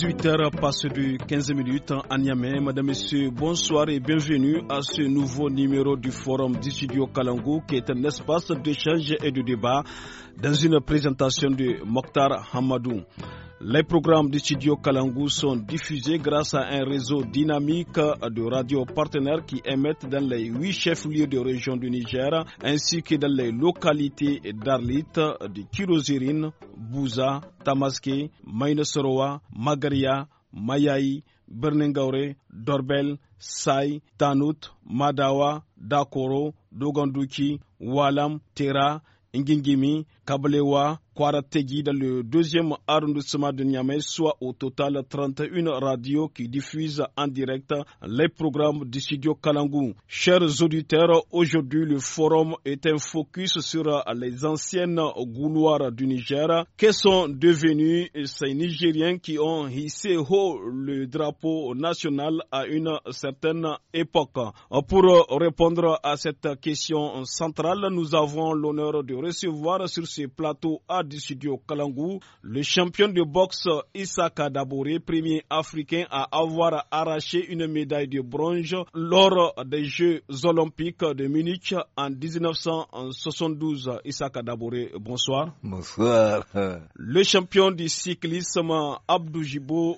18h passe de 15 minutes à Niamey. Madame, Messieurs, bonsoir et bienvenue à ce nouveau numéro du Forum du Studio Kalangou qui est un espace d'échange et de débat dans une présentation de Mokhtar Hamadou. Les programmes du studio Kalangu sont diffusés grâce à un réseau dynamique de radios partenaires qui émettent dans les huit chefs-lieux de région du Niger ainsi que dans les localités d'Arlit, de Kirozirine, Bouza, Tamaske, Mainesoroa, Magaria, Mayaï, Berningaure, Dorbel, Sai, Tanout, Madawa, Dakoro, Dogonduki, Walam, Tera, Ngingimi, Kablewa, Kwarategi dans le deuxième arrondissement de Niamey, soit au total 31 radios qui diffusent en direct les programmes du studio Kalangou. Chers auditeurs, aujourd'hui le forum est un focus sur les anciennes gouloirs du Niger. Que sont devenus ces Nigériens qui ont hissé haut le drapeau national à une certaine époque Pour répondre à cette question centrale, nous avons l'honneur de recevoir sur ce plateau du studio Kalangou, le champion de boxe Issa Kadabore, premier africain à avoir arraché une médaille de bronze lors des Jeux olympiques de Munich en 1972. Issa Kadabore, bonsoir. Bonsoir. Le champion du cyclisme Abdou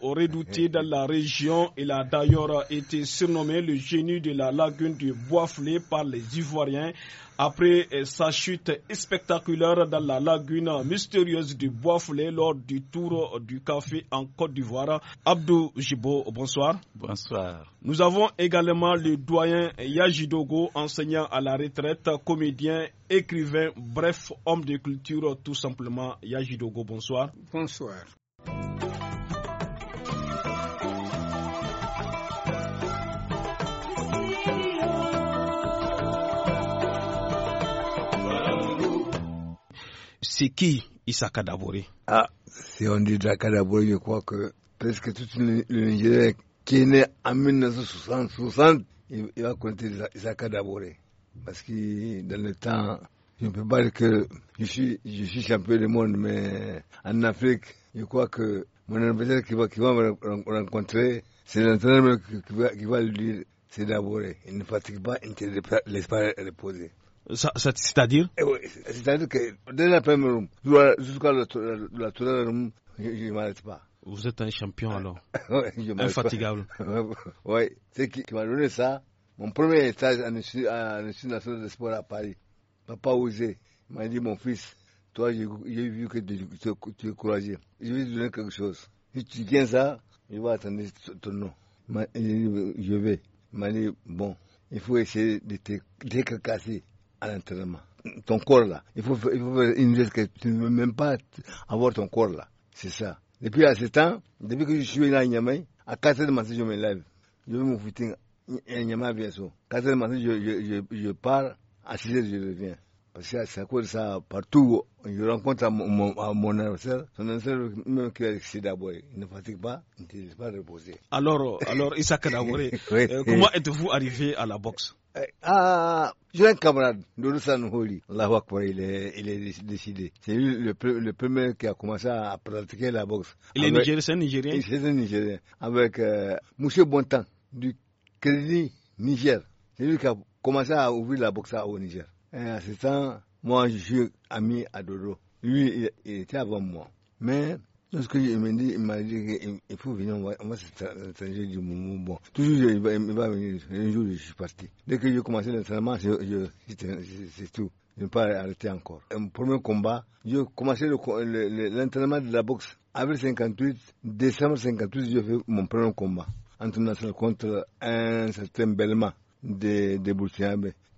redouté dans la région, il a d'ailleurs été surnommé le génie de la lagune du bois flé par les Ivoiriens après euh, sa chute spectaculaire dans la lagune mystérieuse du bois foulé lors du tour euh, du café en Côte d'Ivoire. Abdou Jibo, bonsoir. Bonsoir. Nous avons également le doyen Yajidogo, enseignant à la retraite, comédien, écrivain, bref, homme de culture tout simplement. Yajidogo, bonsoir. Bonsoir. qui Isaka Dabore Ah, si on dit Isaka Dabore, je crois que presque tout le, Nigeria qui est né en 1960, il, va compter Isaka Dabore. Parce que dans le temps, je ne peux pas dire que je suis, champion du monde, mais en Afrique, je crois que mon adversaire qui va, me rencontrer, c'est l'entraîneur qui va, qui va lui dire c'est Dabore. Il ne fatigue pas, il ne laisse pas reposer. C'est-à-dire eh C'est-à-dire que dès la première room jusqu'à la, la, room, je ne m'arrête pas. Vous êtes un champion ah. alors. Infatigable. oui, c'est qui, qui m'a donné ça. Mon premier étage à l'Institut national de sport à Paris. Papa Osé m'a dit Mon fils, toi, j'ai vu que tu, tu, es courageux. Je vais te donner quelque chose. Si tu tiens ça, je vais attendre ton nom. Il Je vais. Il m'a dit Bon, il faut essayer de te, de casser à l'entraînement. Ton corps là, il faut, faire une que tu ne veux même pas avoir ton corps là. C'est ça. Depuis à ce temps, depuis que je suis là à à 4 h du matin, je me lève. Je vais me foutre à 4 h du matin, je, je pars, à 6 h je reviens. C'est à cause de ça, partout, je rencontre à mon, à adversaire, son adversaire, même qui est ici d'abord, il ne fatigue pas, il ne se laisse pas reposer. Alors, alors Issa euh, comment êtes-vous arrivé à la boxe euh, ah, j'ai un camarade, Dorusan Holi. Allahu Akbar, il est, il est décidé. C'est lui le, premier qui a commencé à pratiquer la boxe. Il est Nigérien, c'est un Nigérien C'est un Nigérien. Avec M. Euh, Monsieur Bontan, du Crédit Niger. C'est lui qui a commencé à ouvrir la boxe au Niger. À ce temps, moi, je suis ami à Dodo. Lui, il, était avant moi. Mais, lorsque il m'a dit, il m'a dit qu'il faut venir, on va, s'étranger du moment. Bon, toujours, il va, venir. Un jour, je suis parti. Dès que j'ai commencé l'entraînement, c'est tout. Je n'ai pas arrêté encore. Mon premier combat, j'ai commencé l'entraînement de la boxe. Avril 58, décembre 58, j'ai fait mon premier combat international contre un certain Belma de, de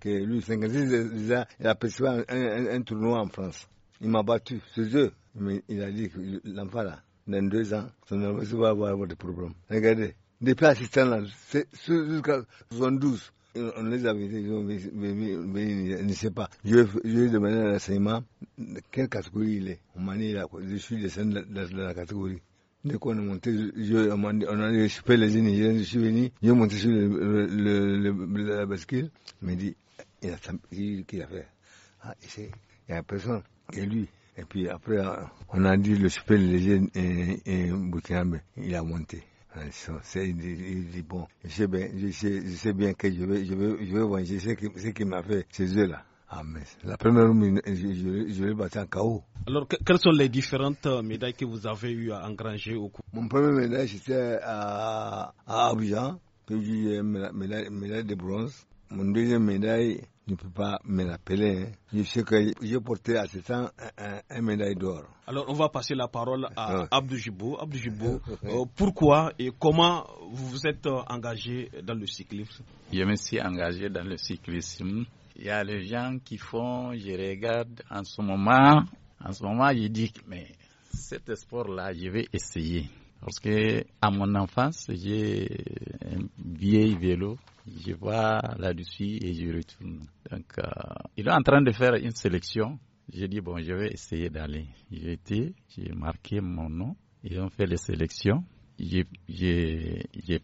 lui, 56 ans, il a perçu un, tournoi en France. Il m'a battu, c'est eux. Mais il a dit que l'enfant là, dans deux ans, son va avoir des problèmes. Regardez, depuis assistant là, jusqu'à 72, on les a ils ont mais je ne sais pas. Je ai demandé un à quelle catégorie il est. On m'a dit là, je suis descendu de la catégorie. Dès qu'on est monté, je, on a récupéré les Nigériens, je suis venu, je suis monté sur le, la bascule, il m'a dit, il a, a fait. Ah, il y a personne, et lui. Et puis après, on a dit le super léger et, il a monté. Ah, il dit, bon, je sais bien, que je vais, je vais, je vais venger ce qu'il m'a fait ces eux-là. Ah, la première je, vais battre en KO. Alors, quelles sont les différentes euh, médailles que vous avez eu à engranger au coup Mon premier médaille, c'était à, Abidjan, j'ai eu euh, médaille de bronze. Mon deuxième médaille, ne peux pas me l'appeler. Je sais que j'ai porté à ce temps un, médaille d'or. Alors, on va passer la parole à ah. Abdou Jibou. Abdou euh, pourquoi et comment vous vous êtes euh, engagé dans le cyclisme Je me suis engagé dans le cyclisme. Il y a les gens qui font, je regarde en ce moment, en ce moment, je dis, mais cet sport-là, je vais essayer. Parce que à mon enfance, j'ai un vieil vélo je vois là-dessus et je retourne. Donc, euh, il est en train de faire une sélection. J'ai dit, bon, je vais essayer d'aller. J'ai été, j'ai marqué mon nom. Ils ont fait les sélections. J'ai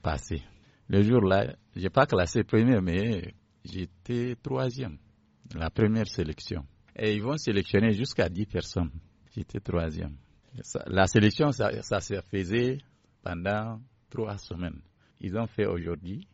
passé. Le jour-là, je n'ai pas classé premier, mais j'étais troisième. La première sélection. Et ils vont sélectionner jusqu'à dix personnes. J'étais troisième. La sélection, ça, ça se faisait pendant trois semaines. Ils ont fait aujourd'hui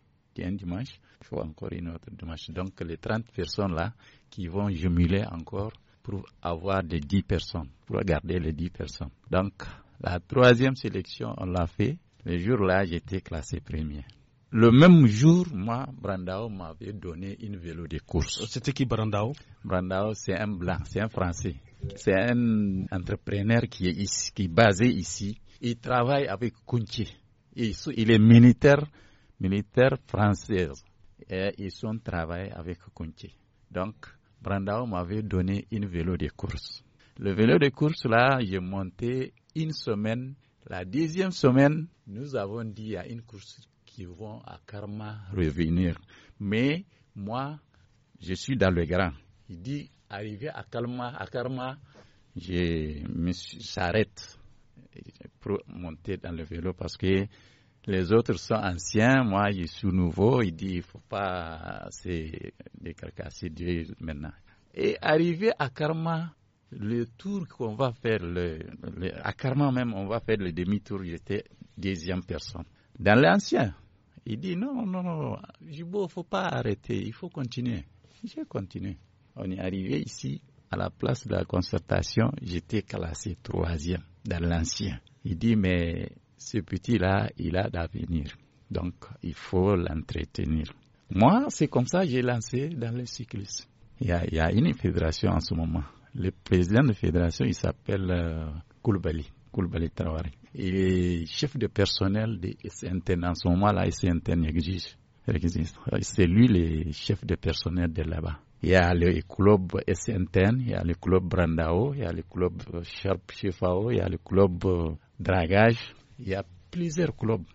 un dimanche, il faut encore une autre dimanche. Donc les 30 personnes là qui vont jumeler encore pour avoir des 10 personnes, pour garder les 10 personnes. Donc la troisième sélection, on l'a fait. Le jour-là, j'étais classé premier. Le même jour, moi, Brandao m'avait donné une vélo de course. C'était qui Brandao Brandao, c'est un blanc, c'est un français. C'est un entrepreneur qui est, ici, qui basé ici. Il travaille avec Kunchi. il est militaire militaire française et ils ont travaillé avec Kunti. Donc, Brandao m'avait donné une vélo de course. Le vélo de course, là, j'ai monté une semaine. La deuxième semaine, nous avons dit à une course qui vont à Karma revenir. Mais moi, je suis dans le grand. Il dit, arrivé à Karma, à Karma, je pour monter dans le vélo parce que les autres sont anciens, moi je suis nouveau, il dit il ne faut pas se Dieu maintenant. Et arrivé à Karma, le tour qu'on va faire, le, à Karma même, on va faire le demi-tour, j'étais deuxième personne. Dans l'ancien, il dit non, non, non, Jibo, il ne faut pas arrêter, il faut continuer. J'ai continué. On est arrivé ici, à la place de la concertation, j'étais classé troisième dans l'ancien. Il dit, mais ce petit-là, il a d'avenir. Donc, il faut l'entretenir. Moi, c'est comme ça que j'ai lancé dans le cyclisme. Il y, a, une fédération en ce moment. Le président de la fédération, il s'appelle Koulbali. Euh, Koulbali Traoré. Il est chef de personnel de SNTN. En ce moment la SNTN existe. C'est lui le chef de personnel de là-bas. Il y a le club SNTN, il y a le club Brandao, il y a le club Sharp Chefao, il y a le club euh, Dragage. Il y a plusieurs clubs.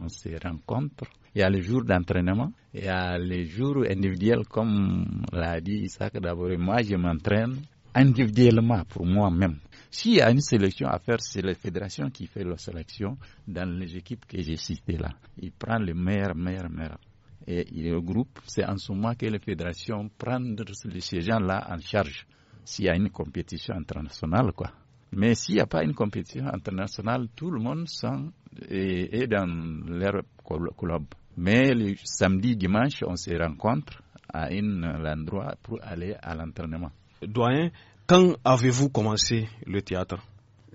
On se rencontre. Il y a les jours d'entraînement. Il y a les jours individuels, comme l'a dit Isaac d'abord. Moi, je m'entraîne individuellement pour moi-même. S'il y a une sélection à faire, c'est la fédération qui fait la sélection dans les équipes que j'ai citées là. Il prend le meilleur, meilleur, meilleurs. Et le groupe, C'est en ce moment que les fédérations prennent ces gens-là en charge. S'il y a une compétition internationale, quoi. Mais s'il n'y a pas une compétition internationale, tout le monde est, dans leur club. Mais le samedi, dimanche, on se rencontre à un endroit pour aller à l'entraînement. Doyen, quand avez-vous commencé le théâtre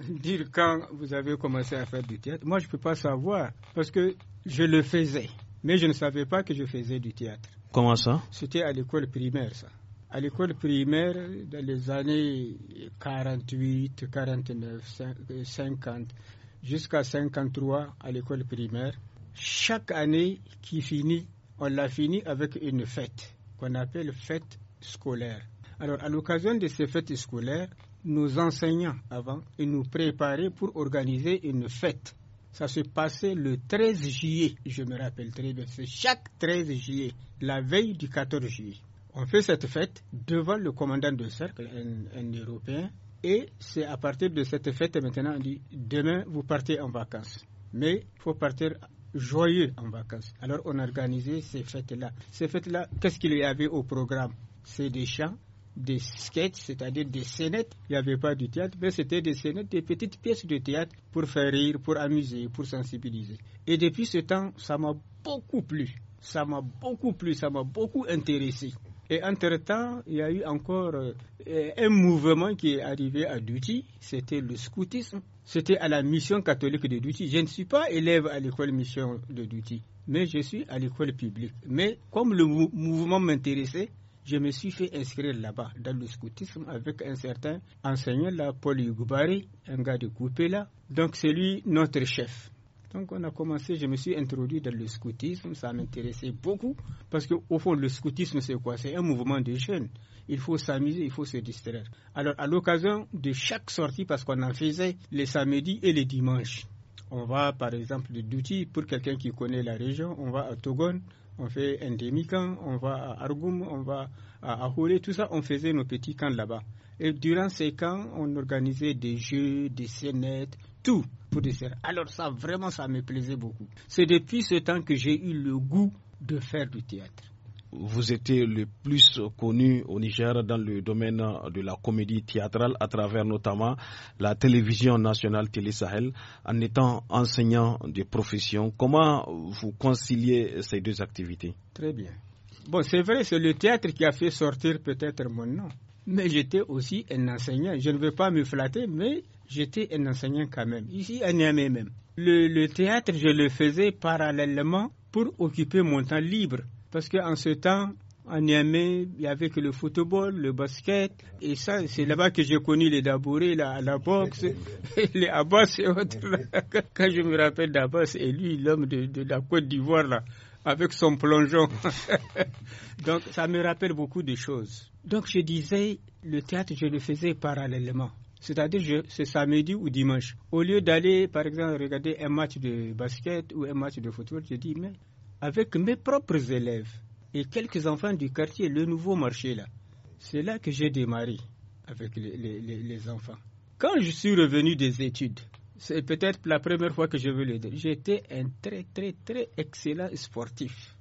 Dire quand vous avez commencé à faire du théâtre, moi je ne peux pas savoir parce que je le faisais, mais je ne savais pas que je faisais du théâtre. Comment ça C'était à l'école primaire, ça à l'école primaire, dans les années 48, 49, 50, jusqu'à 53 à l'école primaire, chaque année qui finit, on la finit avec une fête qu'on appelle fête scolaire. Alors, à l'occasion de ces fêtes scolaires, nos enseignants avant, ils nous préparaient pour organiser une fête. Ça se passait le 13 juillet, je me rappelle très bien. C'est chaque 13 juillet, la veille du 14 juillet. On fait cette fête devant le commandant de cercle, un, Européen, et c'est à partir de cette fête maintenant, on dit demain vous partez en vacances. Mais il faut partir joyeux en vacances. Alors on a organisé ces fêtes-là. Ces fêtes-là, qu'est-ce qu'il y avait au programme C'est des chants, des sketchs, c'est-à-dire des scénettes. Il n'y avait pas du théâtre, mais c'était des scénettes, des petites pièces de théâtre pour faire rire, pour amuser, pour sensibiliser. Et depuis ce temps, ça m'a beaucoup plu. Ça m'a beaucoup plu, ça m'a beaucoup intéressé. Et entre-temps, il y a eu encore euh, un mouvement qui est arrivé à Duti, c'était le scoutisme. C'était à la mission catholique de Duty. Je ne suis pas élève à l'école mission de Duty, mais je suis à l'école publique. Mais comme le mouvement m'intéressait, je me suis fait inscrire là-bas, dans le scoutisme, avec un certain enseignant, là, Paul Yugubari, un gars de Coupé, là. Donc, c'est lui notre chef. Donc on a commencé, je me suis introduit dans le scoutisme, ça m'intéressait beaucoup, parce qu'au fond, le scoutisme, c'est quoi C'est un mouvement de jeunes. Il faut s'amuser, il faut se distraire. Alors à l'occasion de chaque sortie, parce qu'on en faisait les samedis et les dimanches, on va par exemple de Douti, pour quelqu'un qui connaît la région, on va à Togon, on fait un demi-camp, on va à Argoum, on va à Ahouré, tout ça, on faisait nos petits camps là-bas. Et durant ces camps, on organisait des jeux, des scénettes, tout pour des Alors ça, vraiment, ça me plaisait beaucoup. C'est depuis ce temps que j'ai eu le goût de faire du théâtre vous étiez le plus connu au Niger dans le domaine de la comédie théâtrale à travers notamment la télévision nationale Télé Sahel en étant enseignant de profession. Comment vous conciliez ces deux activités Très bien. Bon, c'est vrai, c'est le théâtre qui a fait sortir peut-être mon nom. Mais j'étais aussi un enseignant. Je ne veux pas me flatter, mais J'étais un enseignant quand même, ici à Niamey même. Le, théâtre, je le faisais parallèlement pour occuper mon temps libre. Parce qu'en ce temps, à Niamey, il n'y avait que le football, le basket. Et ça, c'est là-bas que j'ai connu les Dabouré, la, boxe, les Abbas et autres. Quand je me rappelle d'Abbas et lui, l'homme de, la Côte d'Ivoire, là avec son plongeon. Donc ça me rappelle beaucoup de choses. Donc je disais, le théâtre, je le faisais parallèlement c'est-à-dire c'est samedi ou dimanche. Au lieu d'aller, par exemple, regarder un match de basket ou un match de football, je dis, mais avec mes propres élèves et quelques enfants du quartier, le nouveau marché là, c'est là que j'ai démarré avec les, les, enfants. Quand je suis revenu des études, c'est peut-être la première fois que je veux le dire, j'étais un très très très excellent sportif.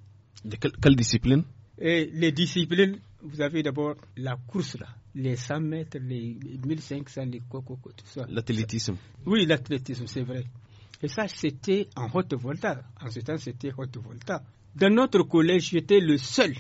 De quelle, quelle discipline et Les disciplines, vous avez d'abord la course là les 100 mètres, les 1500, les coco, tout ça. L'athlétisme. Oui, l'athlétisme, c'est vrai. Et ça, c'était en haute volta. En ce temps, c'était haute volta. Dans notre collège, j'étais le seul,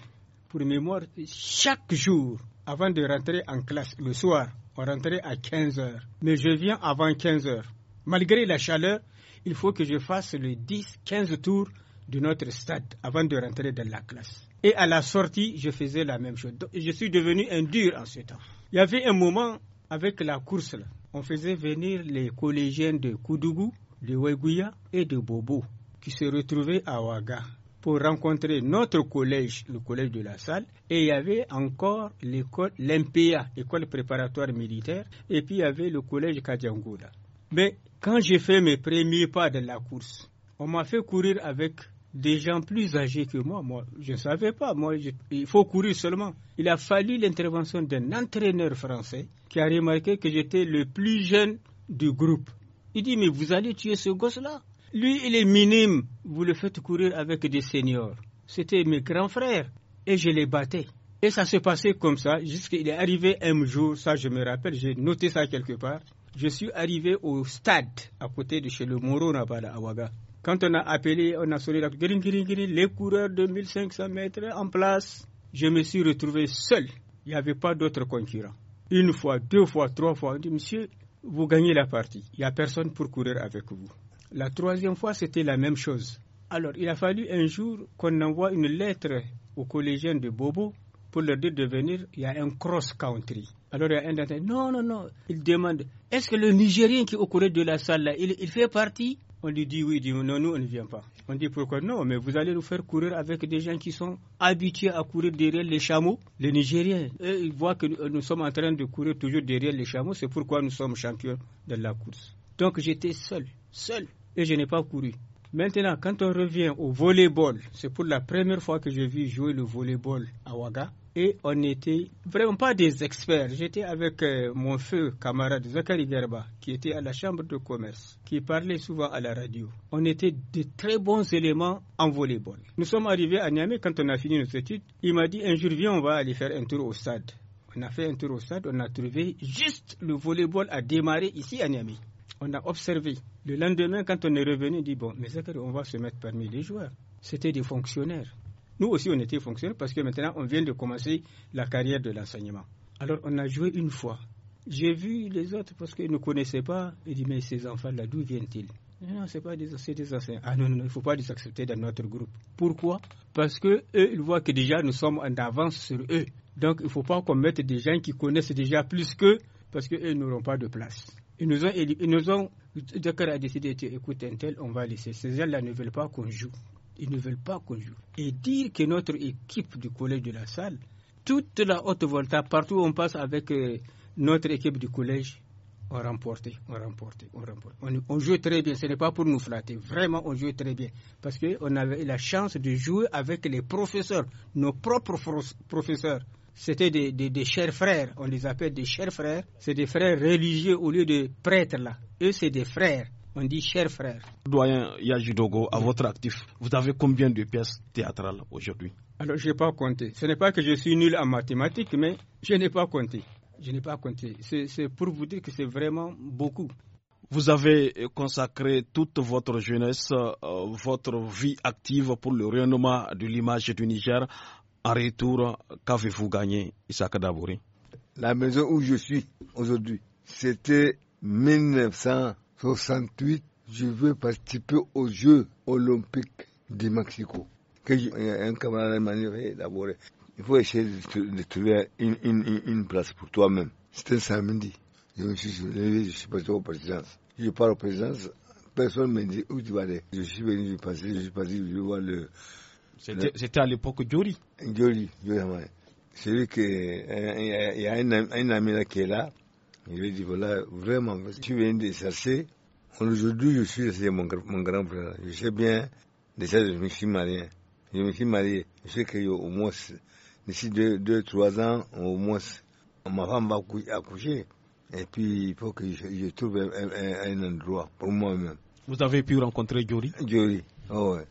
pour mémoire, chaque jour, avant de rentrer en classe, le soir, on rentrait à 15 heures. Mais je viens avant 15 heures. Malgré la chaleur, il faut que je fasse les 10, 15 tours de notre stade avant de rentrer dans la classe. Et à la sortie, je faisais la même chose. je suis devenu un dur en ce temps. Il y avait un moment avec la course, là. on faisait venir les collégiens de Koudougou, de Ouégouya et de Bobo qui se retrouvaient à Ouaga pour rencontrer notre collège, le collège de la salle, et il y avait encore l'école, l'MPA, l'école préparatoire militaire, et puis il y avait le collège Kadjangouda. Mais quand j'ai fait mes premiers pas de la course, on m'a fait courir avec des gens plus âgés que moi. Moi, je ne savais pas. Moi, il faut courir seulement. Il a fallu l'intervention d'un entraîneur français qui a remarqué que j'étais le plus jeune du groupe. Il dit, mais vous allez tuer ce gosse-là. Lui, il est minime. Vous le faites courir avec des seniors. C'était mes grands frères. Et je les battais. Et ça s'est passé comme ça jusqu'à qu'il est arrivé un jour, ça je me rappelle, j'ai noté ça quelque part. Je suis arrivé au stade à côté de chez le Moro à Awaga. Quand on a appelé, on a sonné la gring, gring, gring, les coureurs de 1500 mètres en place, je me suis retrouvé seul. Il n'y avait pas d'autres concurrents. Une fois, deux fois, trois fois, on dit, monsieur, vous gagnez la partie. Il n'y a personne pour courir avec vous. La troisième fois, c'était la même chose. Alors, il a fallu un jour qu'on envoie une lettre aux collégiens de Bobo pour leur dire de venir. Il y a un cross-country. Alors, il y a un d'entre eux, non, non, non. Il demande, est-ce que le Nigérien qui est au coureur de la salle, là, il fait partie on lui dit oui, dit non, nous on ne vient pas. On dit pourquoi non, mais vous allez nous faire courir avec des gens qui sont habitués à courir derrière les chameaux, les Nigériens. ils voient que nous sommes en train de courir toujours derrière les chameaux, c'est pourquoi nous sommes champions de la course. Donc j'étais seul, seul, et je n'ai pas couru. Maintenant, quand on revient au volleyball, c'est pour la première fois que je vis jouer le volleyball à Ouaga et on n'était vraiment pas des experts. J'étais avec euh, mon feu camarade Zakari Gerba, qui était à la chambre de commerce, qui parlait souvent à la radio. On était de très bons éléments en volleyball. Nous sommes arrivés à Niamey quand on a fini nos études. Il m'a dit un jour, viens, on va aller faire un tour au stade. On a fait un tour au stade, on a trouvé juste le volleyball a démarré ici à Niamey. On a observé. Le lendemain, quand on est revenu, on dit, bon, mais Zakari, on va se mettre parmi les joueurs. C'était des fonctionnaires. Nous aussi, on était fonctionnaires parce que maintenant, on vient de commencer la carrière de l'enseignement. Alors, on a joué une fois. J'ai vu les autres parce qu'ils ne connaissaient pas. Ils dit mais ces enfants-là, d'où viennent-ils non, ce pas des, enseignants. Ah non, non, il ne faut pas les accepter dans notre groupe. Pourquoi Parce que eux, ils voient que déjà nous sommes en avance sur eux. Donc il ne faut pas qu'on mette des gens qui connaissent déjà plus qu'eux, parce qu'eux n'auront pas de place. Ils nous ont, ils nous ont, a décidé, écoute, un tel, on va laisser. Ces gens-là ne veulent pas qu'on joue. Ils ne veulent pas qu'on joue. Et dire que notre équipe du collège de la salle, toute la haute volta, partout où on passe avec euh, notre équipe du collège, on remportait, on remportait, on remportait. On, on joue très bien, ce n'est pas pour nous flatter. Vraiment, on joue très bien. Parce qu'on avait la chance de jouer avec les professeurs, nos propres professeurs. C'était des, des, chers frères, on les appelle des chers frères. C'est des frères religieux au lieu de prêtres là. Eux, c'est des frères on dit cher frère. Doyen Yajidogo, à votre actif, vous avez combien de pièces théâtrales aujourd'hui Alors, je n'ai pas compté. Ce n'est pas que je suis nul en mathématiques, mais je n'ai pas compté. Je n'ai pas compté. C'est pour vous dire que c'est vraiment beaucoup. Vous avez consacré toute votre jeunesse, euh, votre vie active pour le rayonnement de l'image du Niger. En retour, qu'avez-vous gagné, Issa Dabouri La maison où je suis aujourd'hui, c'était 1900. 68, je veux participer aux Jeux olympiques du Mexico. Que euh, un camarade m'a dit, d'abord, il faut essayer de, trouver une, place pour toi-même. C'était un samedi. Je me suis levé, je suis parti au président. Je pars au président, personne ne me dit où tu vas aller. Je suis venu, je suis passé, je suis passé, je vois le... C'était à l'époque Jory Jory, C'est lui qui... Il y a un ami là qui est là, il lui dit, voilà, vraiment, tu viens de chercher. Aujourd'hui, je suis c'est mon, grand frère. Je sais bien, déjà, je me suis marié. Je me suis marié. Je sais qu'il au moins, d'ici deux, trois ans, au moins, ma femme va accoucher. Et puis, il faut que je, trouve un, endroit pour moi-même. Vous avez pu rencontrer Jory Jory, oh, ouais.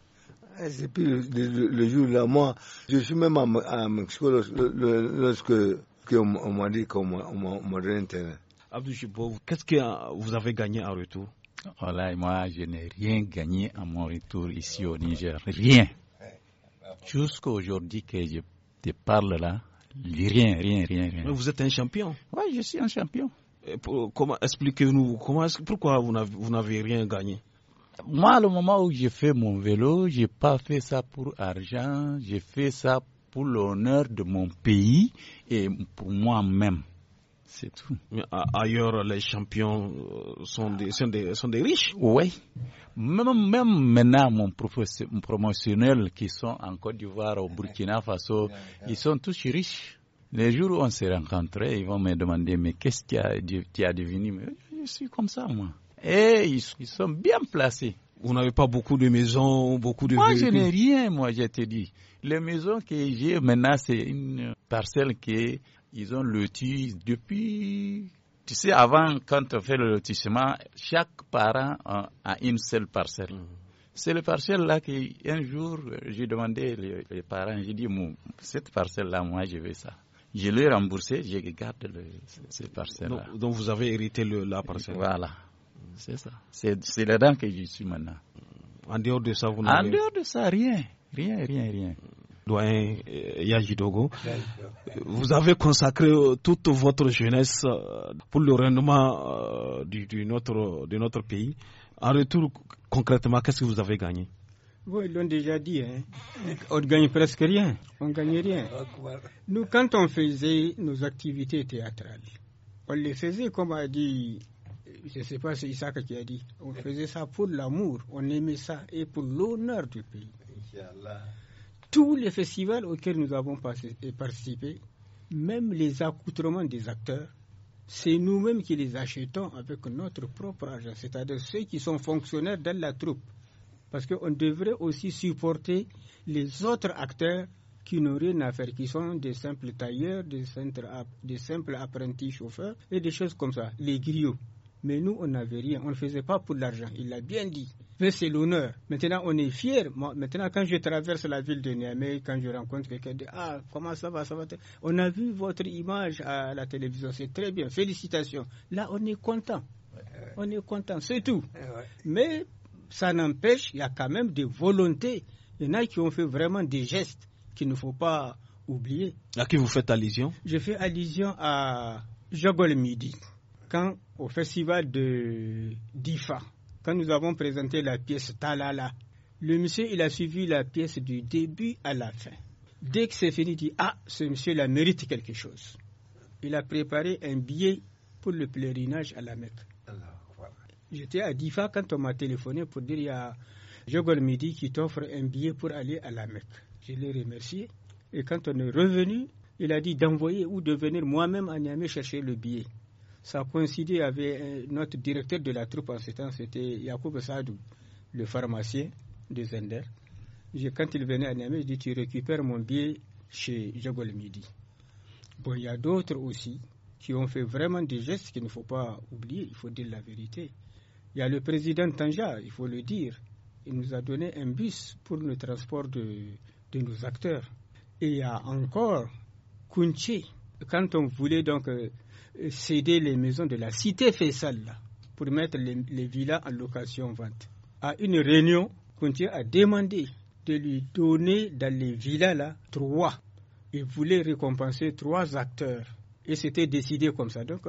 Et puis, le, jour-là, moi, je suis même à Mexico lorsque qu'on m'a dit qu'on m'a donné Abdou qu'est-ce que euh, vous avez gagné en retour Voilà, moi, je n'ai rien gagné à mon retour ici au Niger. Rien. Jusqu'à aujourd'hui que je te parle là, rien, rien, rien, rien. vous êtes un champion. Oui, je suis un champion. comment expliquez-nous comment pourquoi vous n'avez rien gagné Moi, le moment où j'ai fait mon vélo, j'ai pas fait ça pour argent, j'ai fait ça pour l'honneur de mon pays et pour moi-même. C'est tout. ailleurs, les champions euh, sont des, sont des, sont des riches. Oui. Même, même maintenant, mon, promotionnel qui sont en Côte d'Ivoire, au Burkina Faso, ils sont tous riches. Les jours où on s'est rencontrés, ils vont me demander Mais qu'est-ce qui a, as devenu Je suis comme ça, moi. Et ils sont bien placés. Vous n'avez pas beaucoup de maisons, beaucoup de... Moi, je n'ai rien, moi, je te dis. Les maisons que j'ai maintenant, c'est une parcelle qu'ils ils ont loti depuis... Tu sais, avant, quand on fait le lotissement, chaque parent a une seule parcelle. Mm. C'est le parcelle là qu'un jour, j'ai demandé les, parents, j'ai dit, cette parcelle là, moi, je veux ça. Je l'ai remboursé, je garde cette parcelle là. Donc, vous avez hérité la parcelle. Voilà. C'est ça. C'est là-dedans que je suis maintenant. En dehors de ça, vous n'avez... En dehors de ça, rien. Rien, rien, rien. Doyen euh, Yajidogo, vous avez consacré euh, toute votre jeunesse euh, pour le rendement notre, de notre pays. En retour, concrètement, qu'est-ce que vous avez gagné Oui, ils l'ont déjà dit, hein. on ne gagne presque rien, on ne gagne rien. Nous, quand on faisait nos activités théâtrales, on les faisait, comme a dit je ne sais pas, c'est Isaac qui a dit. On faisait ça pour l'amour, on aimait ça et pour l'honneur du pays. Tous les festivals auxquels nous avons participé, même les accoutrements des acteurs, c'est nous-mêmes qui les achetons avec notre propre argent, c'est-à-dire ceux qui sont fonctionnaires dans la troupe. Parce qu'on devrait aussi supporter les autres acteurs qui n'ont rien à faire, qui sont des simples tailleurs, des simples, apprentis chauffeurs et des choses comme ça, les griots. Mais nous, on n'avait rien, on ne le faisait pas pour l'argent, il l'a bien dit. Mais c'est l'honneur. Maintenant, on est fiers. maintenant, quand je traverse la ville de Niamey, quand je rencontre quelqu'un, Ah, comment ça va, ça va On a vu votre image à la télévision, c'est très bien, félicitations. Là, on est content. On est content, c'est tout. Mais ça n'empêche, il y a quand même des volontés. Il y en a qui ont fait vraiment des gestes qu'il ne faut pas oublier. À qui vous faites allusion Je fais allusion à Jogol Midi quand au festival de d'IFA, quand nous avons présenté la pièce Talala, le monsieur, il a suivi la pièce du début à la fin. Dès que c'est fini, il dit Ah, ce monsieur-là mérite quelque chose. Il a préparé un billet pour le pèlerinage à la Mecque. J'étais à Difa quand on m'a téléphoné pour dire il y a Jogol Midi qui t'offre un billet pour aller à la Mecque. Je l'ai remercié. Et quand on est revenu, il a dit d'envoyer ou de venir moi-même à Niamey chercher le billet ça coïncidait avec euh, notre directeur de la troupe en ce temps, c'était Yacoub Sadou, le pharmacien de Zender. quand il venait à Niamey, je dis Tu récupères mon billet chez Jagolmidi. » Midi. Bon, il y a d'autres aussi qui ont fait vraiment des gestes qu'il ne faut pas oublier, il faut dire la vérité. Il y a le président Tanja, il faut le dire. Il nous a donné un bus pour le transport de, de nos acteurs. Et il y a encore Kunche. Quand on voulait donc euh, céder les maisons de la cité Faisal pour mettre les, villas en location-vente. À une réunion, Conti a demandé de lui donner dans les villas là trois. Il voulait récompenser trois acteurs. Et c'était décidé comme ça. Donc,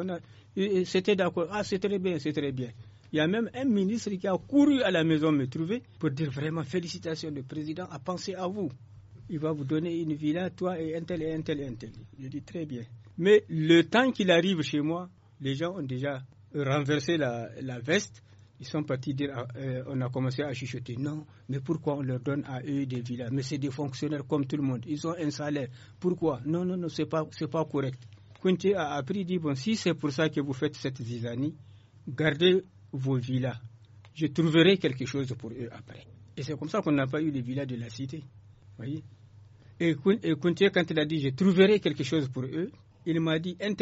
c'était d'accord. Ah, c'est très bien, c'est très bien. Il y a même un ministre qui a couru à la maison me trouver pour dire vraiment félicitations, le président a pensé à vous. Il va vous donner une villa, toi et un tel et un tel et un tel. Je dis très bien. Mais le temps qu'il arrive chez moi, les gens ont déjà renversé la, veste. Ils sont partis dire, ah, euh, on a commencé à chuchoter. Non, mais pourquoi on leur donne à eux des villas Mais c'est des fonctionnaires comme tout le monde. Ils ont un salaire. Pourquoi Non, non, non, c'est pas, pas correct. Kunte a appris, dit, bon, si c'est pour ça que vous faites cette zizanie, gardez vos villas. Je trouverai quelque chose pour eux après. Et c'est comme ça qu'on n'a pas eu les villas de la cité. Voyez et Kunti, quand il a dit je trouverai quelque chose pour eux, il m'a dit un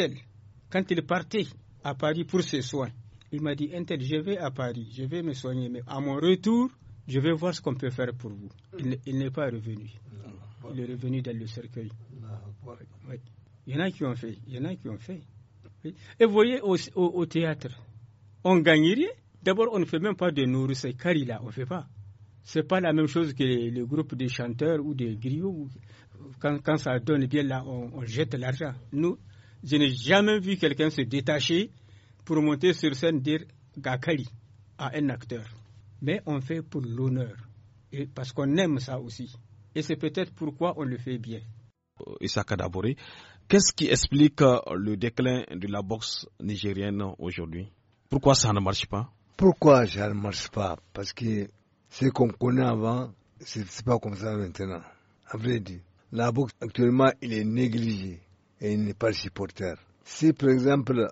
quand il partait à Paris pour ses soins, il m'a dit un je vais à Paris, je vais me soigner, mais à mon retour, je vais voir ce qu'on peut faire pour vous. Il, n'est pas revenu. Ah, il est revenu dans le cercueil. Ah, il y en a qui ont fait. Il y en a qui ont fait. Et voyez, au, théâtre, on gagnerait D'abord, on ne fait même pas de nourrice, car il a, on ne fait pas c'est pas la même chose que le groupe des chanteurs ou des griots. Quand, ça donne bien, là, on, jette l'argent. Nous, je n'ai jamais vu quelqu'un se détacher pour monter sur scène dire Gakali à un acteur. Mais on fait pour l'honneur et parce qu'on aime ça aussi. Et c'est peut-être pourquoi on le fait bien. Issa Kadabori, qu'est-ce qui explique euh, le déclin de la boxe nigérienne aujourd'hui Pourquoi ça ne marche pas Pourquoi ça ne marche pas Parce que ce qu'on connaît avant, ce n'est pas comme ça maintenant. À vrai la boxe actuellement, il est négligé et il n'est pas supporter. Si par exemple,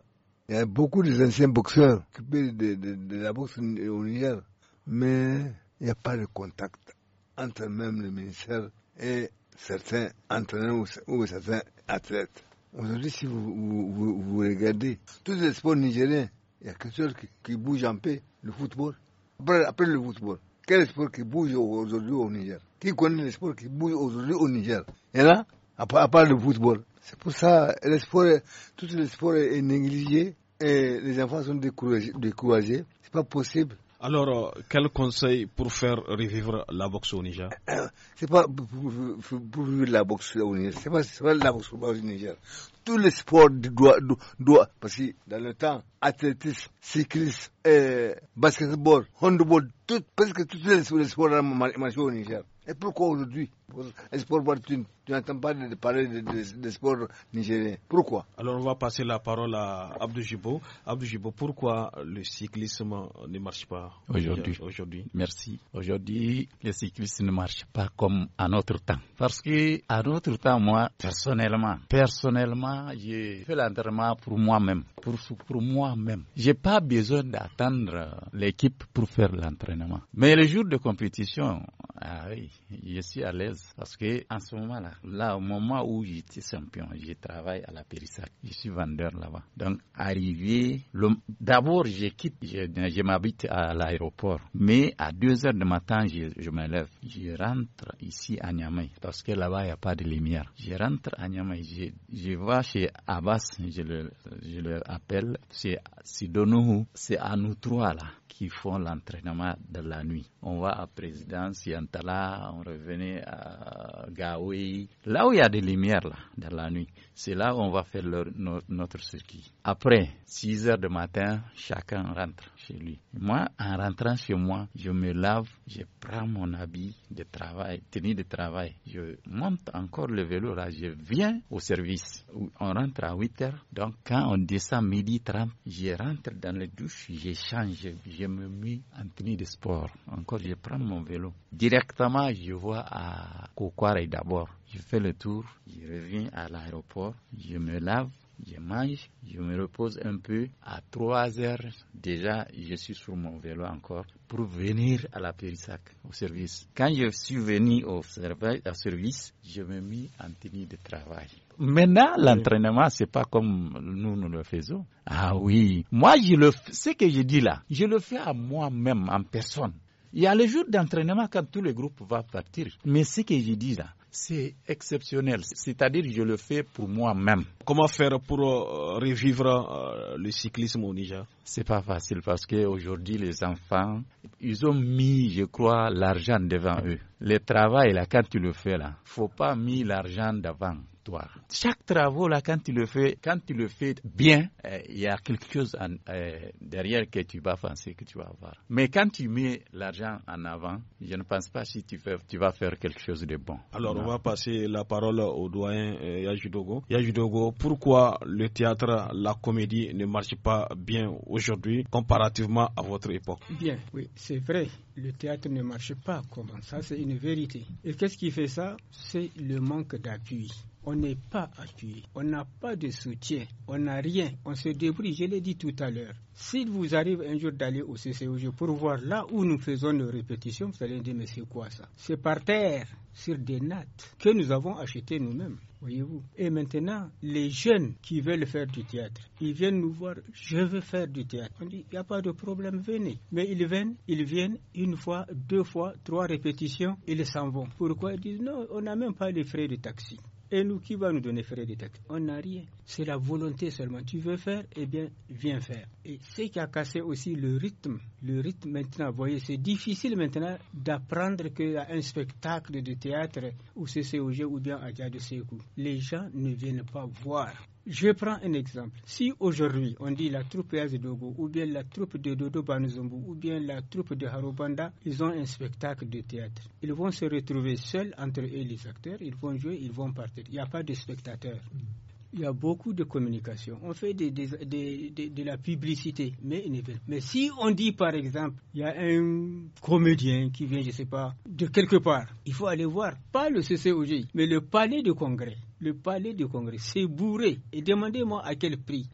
il y a beaucoup d'anciens boxeurs occupés de, de, la boxe au Niger, mais il n'y a pas de contact entre même le ministère et certains entraîneurs ou, certains athlètes. Aujourd'hui, si vous, vous, regardez tous les sports nigériens, il y a que ceux qui, bouge bougent en paix, le football. après le football, quel sport qui bouge aujourd'hui au Niger Qui connaît le sport qui bouge aujourd'hui au Niger Et là, à part, le football. C'est pour ça, le sport, tout le sport est négligé et les enfants sont découragés. découragés. C'est pas possible. Alors, euh, quel conseil pour faire revivre la boxe au Niger C'est pas pour revivre la boxe au Niger, c'est pas, pas la boxe au Niger. Tous les sports doivent, parce que dans le temps, athlétisme, cyclisme, euh, basketball, handball, presque tous les sports marché au Niger. Et pourquoi aujourd'hui sport tu, n'entends pas parler de, de, de sport nigérien. Pourquoi Alors on va passer la parole à Abdou Jibo. Abdou Jibo, pourquoi le cyclisme ne marche pas euh, aujourd'hui Merci. Aujourd'hui, le cyclisme ne marche pas comme à notre temps. Parce que à notre temps, moi, personnellement, personnellement, j'ai fait l'entraînement pour moi-même. Pour, pour moi-même. J'ai pas besoin d'attendre l'équipe pour faire l'entraînement. Mais les jours de compétition, ah oui, je suis à l'aise parce que en ce moment-là, là, au moment où j'étais champion, je travaille à la Périssac. Je suis vendeur là-bas. Donc, arrivé, d'abord, je je, m'habite à l'aéroport. Mais à 2 heures du matin, je, me lève. Je rentre ici à Niamey parce que là-bas, il n'y a pas de lumière. Je rentre à Niamey. Je, je vais chez Abbas, je le, je le appelle. C'est Sidonou. C'est à nous trois là qui font l'entraînement de la nuit. On va à présidence, Yantala, on revenait à Eh, gawe la o ya de lumière là dans la nuit C'est là où on va faire notre, circuit. Après 6 heures du matin, chacun rentre chez lui. Moi, en rentrant chez moi, je me lave, je prends mon habit de travail, tenue de travail. Je monte encore le vélo là, je viens au service. On rentre à 8 heures. Donc, quand on descend midi 30, je rentre dans la douche, j'échange, je, je me mets en tenue de sport. Encore, je prends mon vélo. Directement, je vois à Kokwara d'abord je fais le tour, je reviens à l'aéroport, je me lave, je mange, je me repose un peu. À 3 heures, déjà, je suis sur mon vélo encore pour venir à la Périssac, au service. Quand je suis venu au service, je me mis en tenue de travail. Maintenant, l'entraînement, n'est pas comme nous, nous le faisons. Ah oui. Moi, je le, ce que je dis là, je le fais à moi-même, en personne. Il y a les jours d'entraînement quand tout le groupe va partir. Mais ce que je dis là, c'est exceptionnel. C'est-à-dire, je le fais pour moi-même. Comment faire pour euh, revivre euh, le cyclisme au Niger C'est pas facile parce qu'aujourd'hui, les enfants, ils ont mis, je crois, l'argent devant eux. Le travail, là, quand tu le fais, là, faut pas mettre l'argent devant. Chaque travail, là, quand tu le fais, quand tu le fais bien, eh, il y a quelque chose eh, derrière que tu vas penser que tu vas avoir. Mais quand tu mets l'argent en avant, je ne pense pas si tu, tu vas faire quelque chose de bon. Alors, on va passer la parole au doyen euh, Yajudogo, pourquoi le théâtre, la comédie ne marche pas bien aujourd'hui comparativement à votre époque Bien, oui, c'est vrai. Le théâtre ne marche pas comme ça, c'est une vérité. Et qu'est-ce qui fait ça C'est le manque d'appui on n'est pas appuyé, on n'a pas de soutien, on n'a rien, on se débrouille, je l'ai dit tout à l'heure. S'il vous arrive un jour d'aller au CCOG pour voir là où nous faisons nos répétitions, vous allez me dire, mais c'est quoi ça C'est par terre, sur des nattes, que nous avons achetées nous-mêmes, voyez-vous. Et maintenant, les jeunes qui veulent faire du théâtre, ils viennent nous voir, je veux faire du théâtre. On dit, il n'y a pas de problème, venez. Mais ils viennent, ils viennent une fois, deux fois, trois répétitions, ils s'en vont. Pourquoi Ils disent, non, on n'a même pas les frais de taxi. Et nous, qui va nous donner frais des têtes On n'a rien. C'est la volonté seulement. Tu veux faire Eh bien, viens faire. Et ce qui a cassé aussi le rythme, le rythme maintenant, vous voyez, c'est difficile maintenant d'apprendre qu'il y a un spectacle de théâtre ou CCOG ou bien à de Sekou. Les gens ne viennent pas voir. Je prends un exemple. Si aujourd'hui on dit la troupe de ou bien la troupe de Dodo Banuzombu ou bien la troupe de Harobanda, ils ont un spectacle de théâtre. Ils vont se retrouver seuls entre eux les acteurs, ils vont jouer, ils vont partir. Il n'y a pas de spectateurs. Il y a beaucoup de communication. On fait de la publicité, mais Mais si on dit par exemple, il y a un comédien qui vient, je ne sais pas, de quelque part, il faut aller voir, pas le CCOJ, mais le palais de congrès le palais du Congrès c'est bourré et demandez-moi à quel prix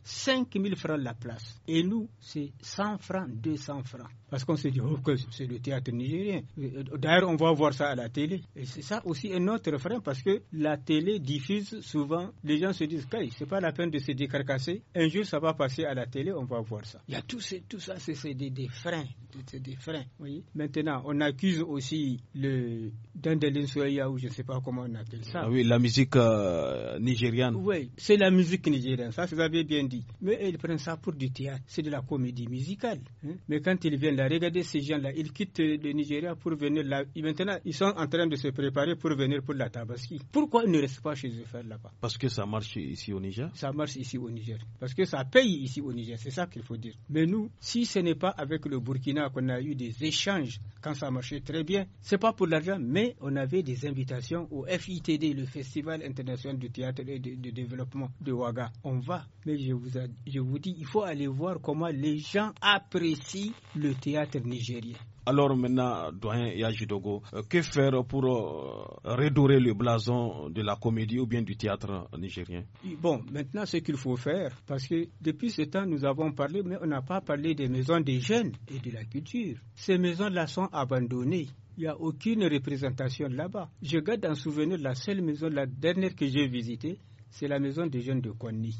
mille francs la place. Et nous, c'est 100 francs, 200 francs. Parce qu'on se dit oh, que c'est le théâtre nigérien. Euh, d'ailleurs, on va voir ça à la télé. Et c'est ça aussi un autre frein parce que la télé diffuse souvent. Les gens se disent c'est pas la peine de se décarcasser. Un jour, ça va passer à la télé, on va voir ça. Il y a tout, tout ça, c'est des, freins. des freins. Oui. Maintenant, on accuse aussi le Dandelin Soya ou je sais pas comment on appelle ça. Ah oui, la musique euh, nigériane. Oui, c'est la musique nigériane Ça, vous avez bien dit. Mais ils prennent ça pour du théâtre. C'est de la comédie musicale. Hein. Mais quand ils viennent a ces gens-là. Ils quittent le Nigeria pour venir là. Et maintenant, ils sont en train de se préparer pour venir pour la Tabaski. Pourquoi ils ne restent pas chez eux faire là-bas Parce que ça marche ici au Niger Ça marche ici au Niger. Parce que ça paye ici au Niger. C'est ça qu'il faut dire. Mais nous, si ce n'est pas avec le Burkina qu'on a eu des échanges quand ça marchait très bien, c'est pas pour l'argent, mais on avait des invitations au FITD, le Festival international du théâtre et du développement de Ouaga. On va. Mais je vous, je vous dis, il faut aller voir comment les gens apprécient le théâtre nigérien. Alors maintenant, doyen Yajidogo, euh, que faire pour euh, redorer le blason de la comédie ou bien du théâtre nigérien Bon, maintenant, ce qu'il faut faire, parce que depuis ce temps, nous avons parlé, mais on n'a pas parlé des maisons des jeunes et de la culture. Ces maisons-là sont abandonnées. Il n'y a aucune représentation là-bas. Je garde en souvenir la seule maison, la dernière que j'ai visitée, c'est la maison des jeunes de Konni.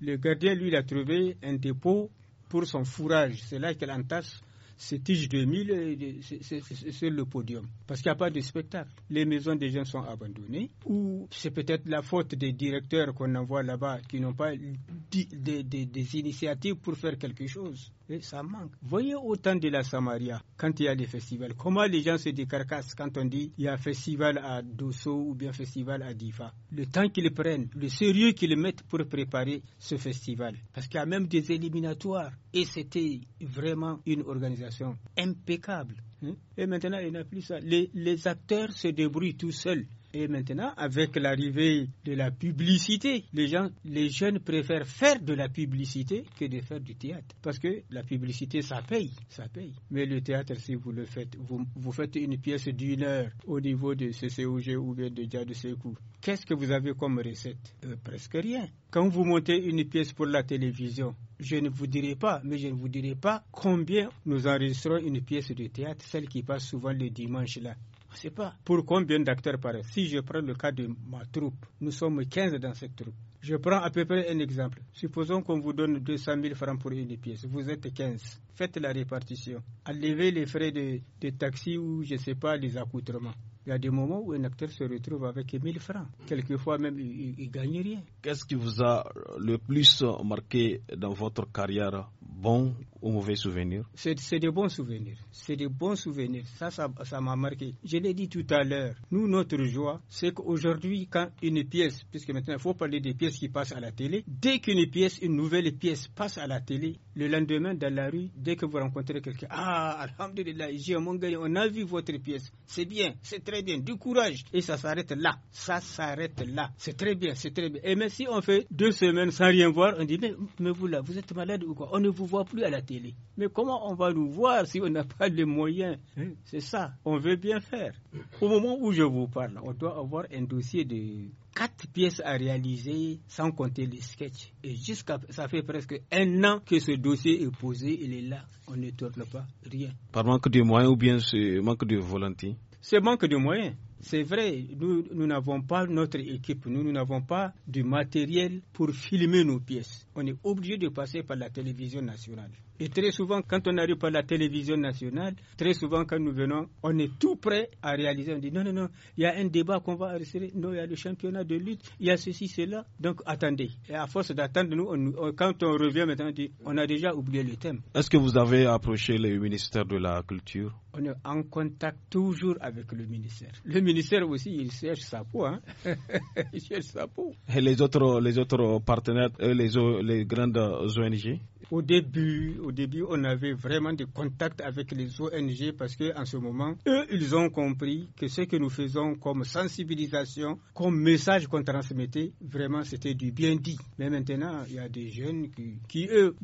Le gardien, lui, a trouvé un dépôt pour son fourrage. C'est là qu'elle entasse euh, c'est Tige 2000, c'est le podium. Parce qu'il n'y a pas de spectacle. Les maisons des jeunes sont abandonnées. Ou c'est peut-être la faute des directeurs qu'on envoie là-bas qui n'ont pas des, initiatives pour faire quelque chose. Et ça manque. Voyez autant de la Samaria, quand il y a des festivals, comment les gens se décarcassent quand on dit il y a un festival à Dosso ou bien un festival à Difa. Le temps qu'ils prennent, le sérieux qu'ils mettent pour préparer ce festival. Parce qu'il y a même des éliminatoires. Et c'était vraiment une organisation impeccable. Hein? Et maintenant, il n'y a plus ça. Les, les acteurs se débrouillent tout seuls. Et maintenant, avec l'arrivée de la publicité, les gens, les jeunes préfèrent faire de la publicité que de faire du théâtre. Parce que la publicité, ça paye, ça paye. Mais le théâtre, si vous le faites, vous, vous faites une pièce d'une heure au niveau de CCOG ou bien de Dia de Sekou. Qu'est-ce que vous avez comme recette euh, Presque rien. Quand vous montez une pièce pour la télévision, je ne vous dirai pas, mais je ne vous dirai pas combien nous enregistrons une pièce de théâtre, celle qui passe souvent le dimanche là. Je ne pas pour combien d'acteurs pareil. Si je prends le cas de ma troupe, nous sommes 15 dans cette troupe. Je prends à peu près un exemple. Supposons qu'on vous donne 200 000 francs pour une pièce. Vous êtes 15. Faites la répartition. Enlevez les frais de, de taxi ou, je ne sais pas, les accoutrements. Il y a des moments où un acteur se retrouve avec 1000 francs. Quelquefois même, il ne gagne rien. Qu'est-ce qui vous a le plus marqué dans votre carrière Bon ou mauvais souvenir C'est des bons souvenirs. C'est des bons souvenirs. Ça, ça m'a marqué. Je l'ai dit tout à l'heure. Nous, notre joie, c'est qu'aujourd'hui, quand une pièce, puisque maintenant, il faut parler des pièces qui passent à la télé, dès qu'une pièce, une nouvelle pièce passe à la télé, le lendemain, dans la rue, dès que vous rencontrez quelqu'un, ah, Alhamdulillah, j'ai mon gars, on a vu votre pièce. C'est bien, c'est très bien, du courage. Et ça s'arrête là. Ça s'arrête là. C'est très bien, c'est très bien. Et même si on fait deux semaines sans rien voir, on dit, mais, vous là, vous êtes malade ou quoi On ne vous voit plus à la télé. Mais comment on va nous voir si on n'a pas les moyens C'est ça, on veut bien faire. Au moment où je vous parle, on doit avoir un dossier de quatre pièces à réaliser sans compter les sketchs. Et jusqu'à ça fait presque un an que ce dossier est posé, il est là, on ne tourne pas, rien. Par manque de moyens ou bien manque de volonté c'est manque de moyens. C'est vrai, nous, nous n'avons pas notre équipe, nous, nous n'avons pas du matériel pour filmer nos pièces. On est obligé de passer par la télévision nationale. Et très souvent, quand on arrive par la télévision nationale, très souvent, quand nous venons, on est tout prêt à réaliser. On dit non, non, non, il y a un débat qu'on va arrêter. Non, il y a le championnat de lutte, il y a ceci, cela. Donc, attendez. Et à force d'attendre, nous, quand on revient maintenant, on dit on a déjà oublié le thème. Est-ce que vous avez approché le ministère de la Culture On est en contact toujours avec le ministère. Le ministère aussi, il cherche sa peau. Hein. il cherche sa peau. Et les autres, les autres partenaires, euh, les grandes ONG au début, au début, on avait vraiment des contacts avec les ONG parce que en ce moment, eux, ils ont compris que ce que nous faisons comme sensibilisation, comme message qu'on transmettait, vraiment, c'était du bien dit. Mais maintenant, il y a des jeunes qui, eux,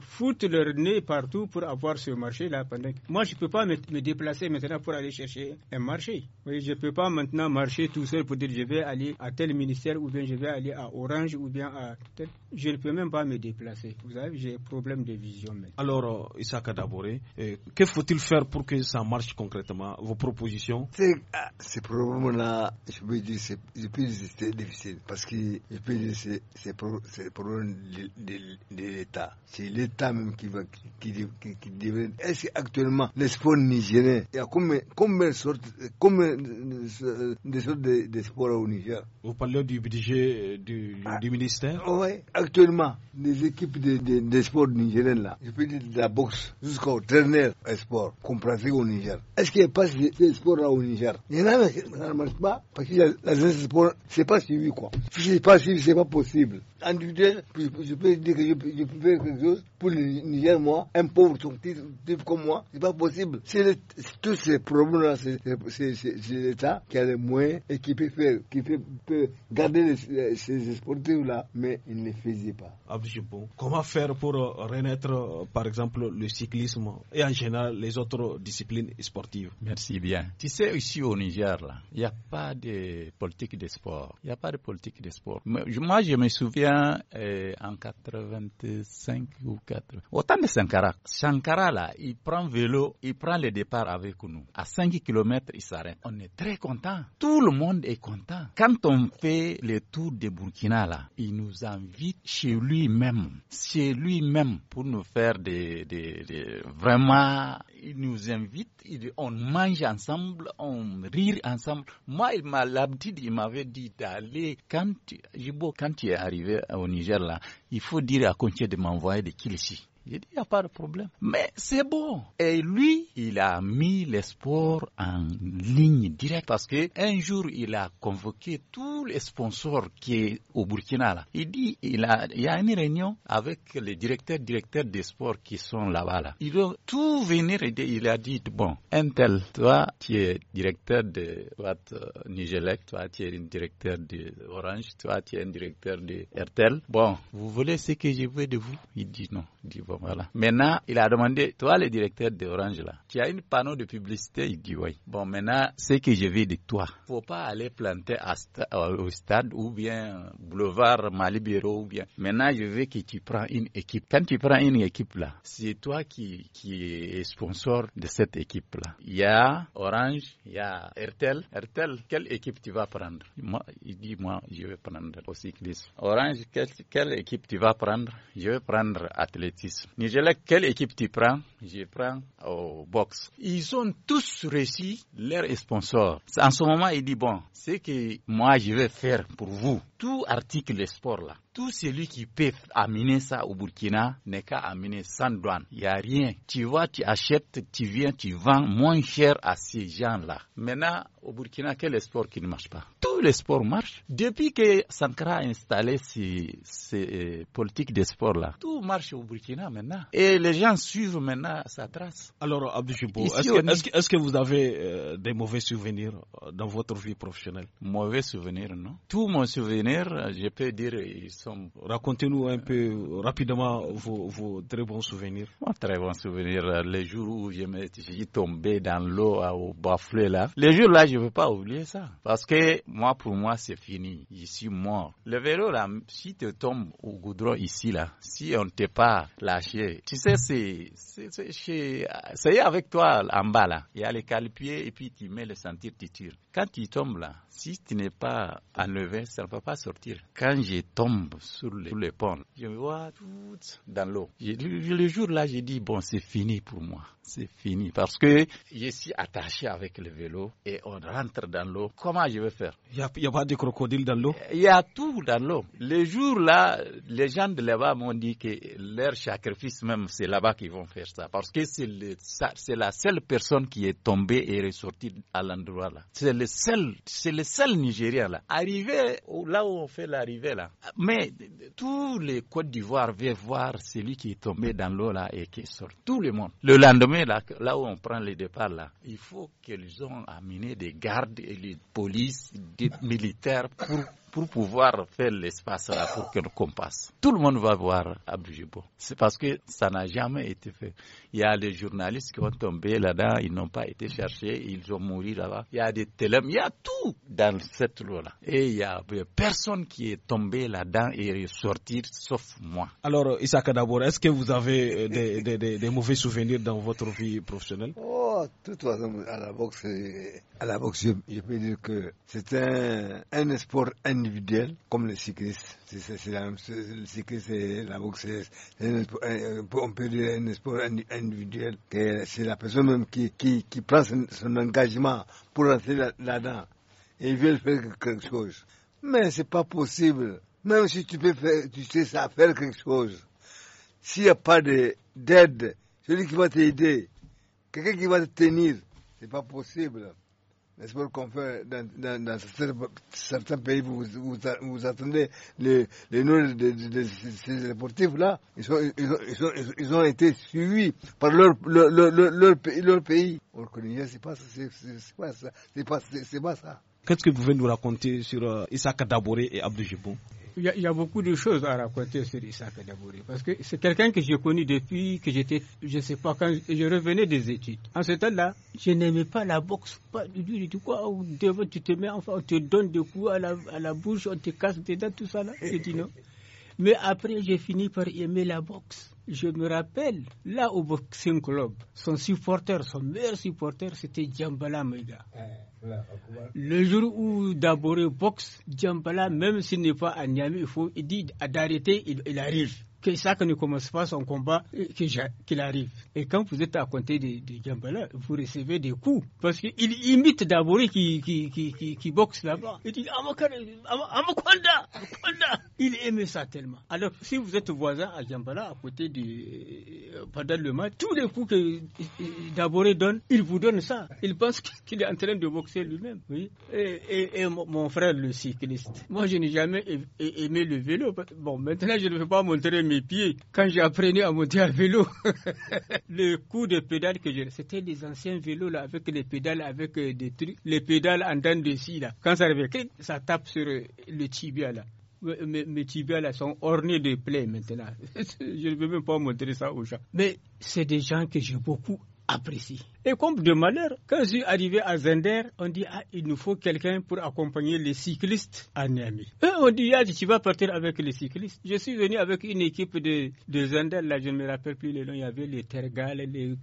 foutent leur nez partout pour avoir ce marché-là. Pendant... Moi, je ne peux pas me, déplacer maintenant pour aller chercher un marché. Oui, je ne peux pas maintenant marcher tout seul pour dire je vais aller à tel ministère ou bien je vais aller à Orange ou bien à Je ne peux même pas me déplacer. Vous savez, j'ai problème de vision. Alors, euh, Issa Kadabore, euh, que faut-il faire pour que ça marche concrètement, vos propositions Ces ah, problèmes-là, je peux dire que c'est difficile parce que je peux dire c'est le problème de, l'État. C'est l'État même qui, va, qui, qui, Est-ce qu'actuellement, les sports nigériens, il y a combien, combien, combien de, sortes de, sports au Niger Vous parlez du budget euh, ah. du, ministère Oui, actuellement, les équipes de, sport nigérien là, depuis de la boxe jusqu'au dernier sport qu'on au Niger, est-ce qu'il pas ces sport là au Niger Il y en a, ça ne marche pas parce que la, la, la sport, c'est pas suivi quoi. Si c'est pas suivi, c'est pas possible individuel, je peux dire que je, peux faire quelque chose pour le Niger, moi, un pauvre petit comme moi, c'est pas possible. C'est tous ces problèmes-là, c'est, l'État qui a les moyens et qui peut faire, garder ces sportifs-là, mais il ne les faisait pas. Ah, comment faire pour euh, renaître, euh, par exemple, le cyclisme et en général les autres disciplines sportives Merci bien. Tu sais, ici au Niger, il n'y a pas de politique de sport. Il n'y a pas de politique de sport. moi, je me souviens euh, en 85 ou 80. Au temps de Sankara, Sankara là, il prend vélo, il prend le départ avec nous. À 5 km, il s'arrête. On est très content. Tout le monde est content. Quand on fait le tour de Burkina là, il nous invite chez lui-même, chez lui-même pour nous faire des, des, vraiment, il nous invite, on mange ensemble, on rit ensemble. Moi, il m'a l'habitude, il m'avait dit d'aller quand quand tu es arrivé au Niger là, il faut dire à Contier de m'envoyer de kills j'ai dit, il n'y a pas de problème. Mais c'est bon. Et lui, il a mis les sports en ligne directe parce que un jour, il a convoqué tous les sponsors qui sont au Burkina. Il dit, il, a, y a une réunion avec les directeurs, directeurs des sports qui sont là-bas. Ils ont tout venir et il a dit, bon, un toi, tu es directeur de euh, Nigelec, toi, tu es directeur de Orange, toi, tu es directeur de RTL. Bon, vous voulez ce que je veux de vous? Il dit non. Il dit, bon, voilà. Maintenant, il a demandé, toi, le directeur d'Orange, là, tu as une panneau de publicité Il dit oui. Bon, maintenant, ce que je veux de toi, faut pas aller planter euh, au stade ou bien euh, boulevard Malibéro ou bien. Maintenant, je veux que tu prends une équipe. Quand tu prends une équipe là, c'est toi qui, qui sponsor de cette équipe là. Il y a Orange, il y a Ertel Ertel, quelle équipe tu vas prendre Moi, il dit moi, je vais prendre au cyclisme. Orange, quelle, quelle équipe tu vas prendre Je vais prendre athlétisme. Nigel, quelle équipe tu prends Je prends au boxe Ils ont tous réussi leur sponsor. En ce moment, il dit, bon, ce que moi je vais faire pour vous, tout article de sport là, tout celui qui peut amener ça au Burkina n'est qu'à amener sans douane. Il n'y a rien. Tu vois, tu achètes, tu viens, tu vends moins cher à ces gens-là. Maintenant, au Burkina, quel le sport qui ne marche pas Tous les sports marchent. Depuis que Sankara a installé ces, euh, politiques de sport-là, tout marche au Burkina maintenant. Et les gens suivent maintenant sa trace. Alors, Abdou est-ce que, vous avez euh, des mauvais souvenirs euh, dans votre vie professionnelle Mauvais souvenirs, non. Tous mes souvenirs, je peux dire, Racontez-nous un peu rapidement vos, très bons souvenirs. Mon très bons souvenirs, euh, les jours où je me suis tombé dans l'eau au bafouet là. Les jours-là, je ne veux pas oublier ça. Parce que moi, pour moi, c'est fini. Je suis mort. Le vélo là, si tu tombes au goudron ici là, si on ne t'est pas lâché, tu sais, c'est, c'est, avec toi en bas là. Il y a les calepiers et puis tu mets le sentir, tu tires. Quand tu tombes là, si tu n'es pas enlevé, ça ne va pas sortir. Quand je tombe, sur les, ponts. Je me vois tout dans l'eau. Le jour-là, j'ai dit, bon, c'est fini pour moi. C'est fini parce que je suis attaché avec le vélo et on rentre dans l'eau. Comment je vais faire Il n'y a, pas de crocodile dans l'eau Il y a tout dans l'eau. Le jour-là, les gens de là-bas m'ont dit que leur sacrifice même, c'est là-bas qu'ils vont faire ça. Parce que c'est la seule personne qui est tombée et ressortie à l'endroit là. C'est le seul, c'est le seul Nigérien là. Arrivé là où on fait l'arrivée là. Mais tous les Côtes d'Ivoire viennent voir celui qui est tombé dans l'eau là et qui sort. Tout le monde. Le lendemain, là, là où on prend le départ là, il faut qu'ils ont amené des gardes et les polices, des militaires pour pour pouvoir faire l'espace là pour qu'on compasse. Tout le monde va voir Abdou C'est parce que ça n'a jamais été fait. Il y a des journalistes qui ont tombé là-dedans, ils n'ont pas été cherchés, ils ont mouru là-bas. Il y a des télèmes, il y a tout dans cette loi-là. Et il n'y a personne qui est tombé là-dedans et est sorti sauf moi. Alors, Issaka d'abord, est-ce que vous avez euh, des, mauvais souvenirs dans votre vie professionnelle Oh, toute façon, à la boxe, euh, à la boxe je, peux dire que c'est un, un sport, comme le cycliste. le cycliste c'est la boxe, on peut dire un sport individuel. C'est la personne même qui, qui, qui prend son, engagement pour rentrer là-dedans. Et veut faire quelque chose. Mais c'est pas possible. Même si tu peux faire, tu sais ça, faire quelque chose. S'il n'y a pas d'aide, celui qui va t'aider, quelqu'un qui va te tenir, c'est pas possible n'est-ce pas qu'on fait dans, dans, certains pays, vous, vous, attendez les, les noms de, ces sportifs-là, ils, ils, ils, ils, ont été suivis par leur, leur, leur, leur pays, leur pays. Or oh, c'est pas, ça. C'est pas, pas ça. Qu'est-ce que vous venez nous raconter sur euh, Issa Kadabore et Abdou Jibou il y, a beaucoup de choses à raconter sur Issa Dabouri, parce que c'est quelqu'un que j'ai connu depuis que j'étais, je sais pas, quand je revenais des études. En ce temps-là, je n'aimais pas la boxe, pas du tout, du quoi. Tu te mets, enfin, on te donne des coups à la, à la bouche, on te casse des dents, tout ça là. J'ai non. Mais après, j'ai fini par aimer la boxe. Je me rappelle, là au Boxing Club, son supporter, son meilleur supporter, c'était Djambala Mega. Eh, Le jour où d'abord il boxe, Djambala, même s'il n'est pas à Niamey, il faut il dit d'arrêter, il, arrive que ça ne commence pas son combat, euh, qu'il arrive. Et quand vous êtes à côté de Gambala, vous recevez des coups. Parce qu'il imite Dabore qui, qui, qui, boxe là-bas. Il dit Amokanda !» Il aimait ça tellement. Alors, si vous êtes voisin à Gambala, à côté du. Euh, pendant le match, tous les coups que euh, Daboré donne, il vous donne ça. Il pense qu'il est en train de boxer lui-même. Oui. Et, mon frère, le cycliste. Moi, je n'ai jamais aimé le vélo. Bon, maintenant, je ne vais pas montrer mes pieds quand j'apprenais à monter à vélo. le coup de pédale que j'ai, c'était les anciens vélos là, avec les pédales, avec euh, des trucs, les pédales en dents de scie là. Quand ça arrive, ça tape sur euh, le tibia là. Mes, mes, tibias là sont ornés de plaies maintenant. je ne peux même pas montrer ça aux gens. Mais c'est des gens que j'ai beaucoup apprécie. Et comme de malheur, quand je suis arrivé à Zender, on dit ah, il nous faut quelqu'un pour accompagner les cyclistes à Niamey. on dit ah, tu vas partir avec les cyclistes. Je suis venu avec une équipe de, de Zender, là je ne me rappelle plus les noms, il y avait les Tergal, les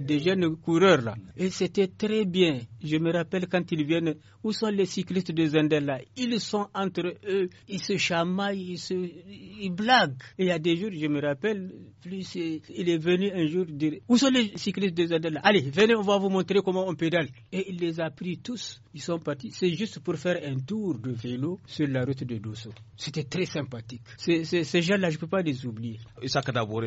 des, jeunes coureurs là. Et c'était très bien. Je me rappelle quand ils viennent où sont les cyclistes de là Ils sont entre eux, ils se chamaillent, ils, se, blaguent. il y a des jours, je me rappelle, plus il est venu un jour dire Où sont les cyclistes de Zendela Allez, venez, on va vous montrer comment on pédale. Et il les a pris tous, ils sont partis. C'est juste pour faire un tour de vélo sur la route de Dosso. C'était très sympathique. ces gens-là, je ne peux pas les oublier. Issa Kadabore,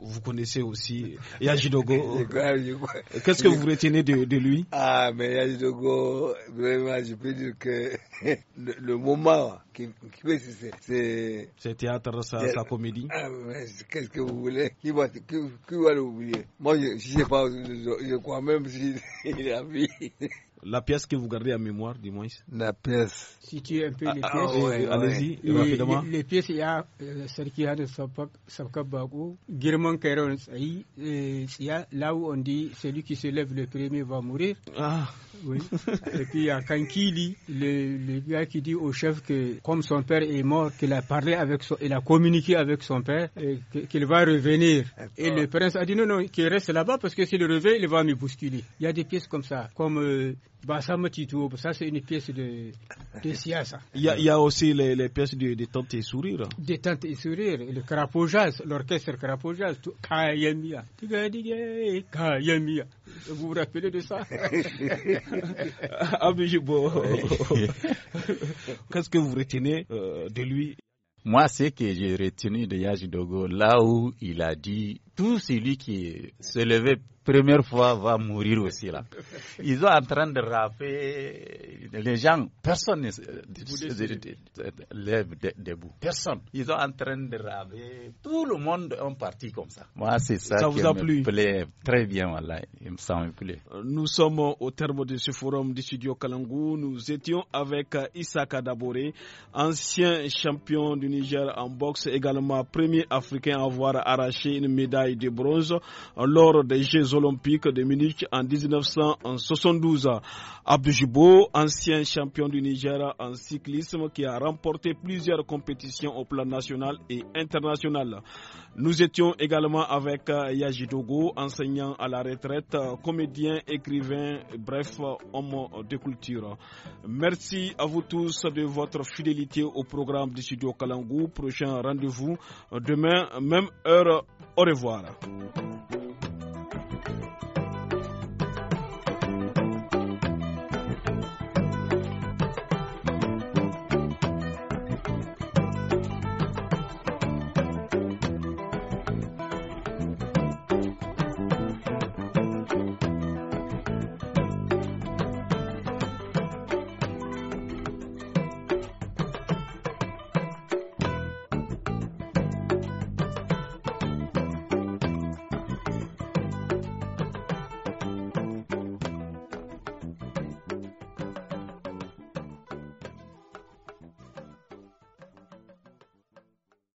vous connaissez aussi Yajidogo. Qu'est-ce que vous retenez de lui Ah, mais Yajidogo, vraiment, je peux dire que le, moment qui, fait, c'est. C'est théâtre, sa, sa comédie. Ah, qu'est-ce que vous voulez Qui va, qui, l'oublier Moi, je sais pas, je, crois même si vie. La pièce que vous gardez à mémoire, du moins La pièce. Si tu es un peu les ah, ah, pièces. Allez-y, euh, rapidement. Les, pièces, il y a Sarki euh, a Sabka Girman Kairon là où on dit celui qui se lève le premier va mourir. Ah Oui. Et puis il y a Kankili, le, gars qui dit au chef que, comme son père est mort, qu'il a parlé avec son, il a communiqué avec son père, qu'il va revenir. Et le prince a dit non, non, qu'il reste là-bas parce que s'il revient, il va me bousculer. Il y a des pièces comme ça, comme. Euh, bah, ça ça c'est une pièce de, de siasa. Il y, a, aussi les, les pièces de, de Tante et Sourire. De Tante et Sourire, le crapaud jazz, l'orchestre crapaud jazz, Kayemia. Kayemia. Vous vous rappelez de ça ah, qu'est-ce que vous retenez euh, de lui moi, ce que j'ai retenu de Yajidogo, là où il a dit, tout celui qui se levait première fois va mourir aussi là. Ils sont en train de rafler les gens. Personne ne lève debout. Personne. Ils sont en train de rafler tout le monde est parti comme ça. Moi, c'est ça, qui me plaît très bien. Voilà. Ça me plaît. Euh, nous sommes au terme de ce forum du studio Kalangou. Nous étions avec euh, Issa Daboré, ancien champion du Niger en boxe, également premier Africain à avoir arraché une médaille de bronze euh, lors des Jeux olympiques de Munich en 1972. Abdou ancien champion du Niger en cyclisme qui a remporté plusieurs compétitions au plan national et international. Nous étions également avec euh, Yajidogo, enseignant à la retraite, euh, comédien, écrivain, bref, euh, homme de culture. Merci à vous tous de votre fidélité au programme du studio Kalangou. Prochain rendez-vous demain, même heure. Au revoir.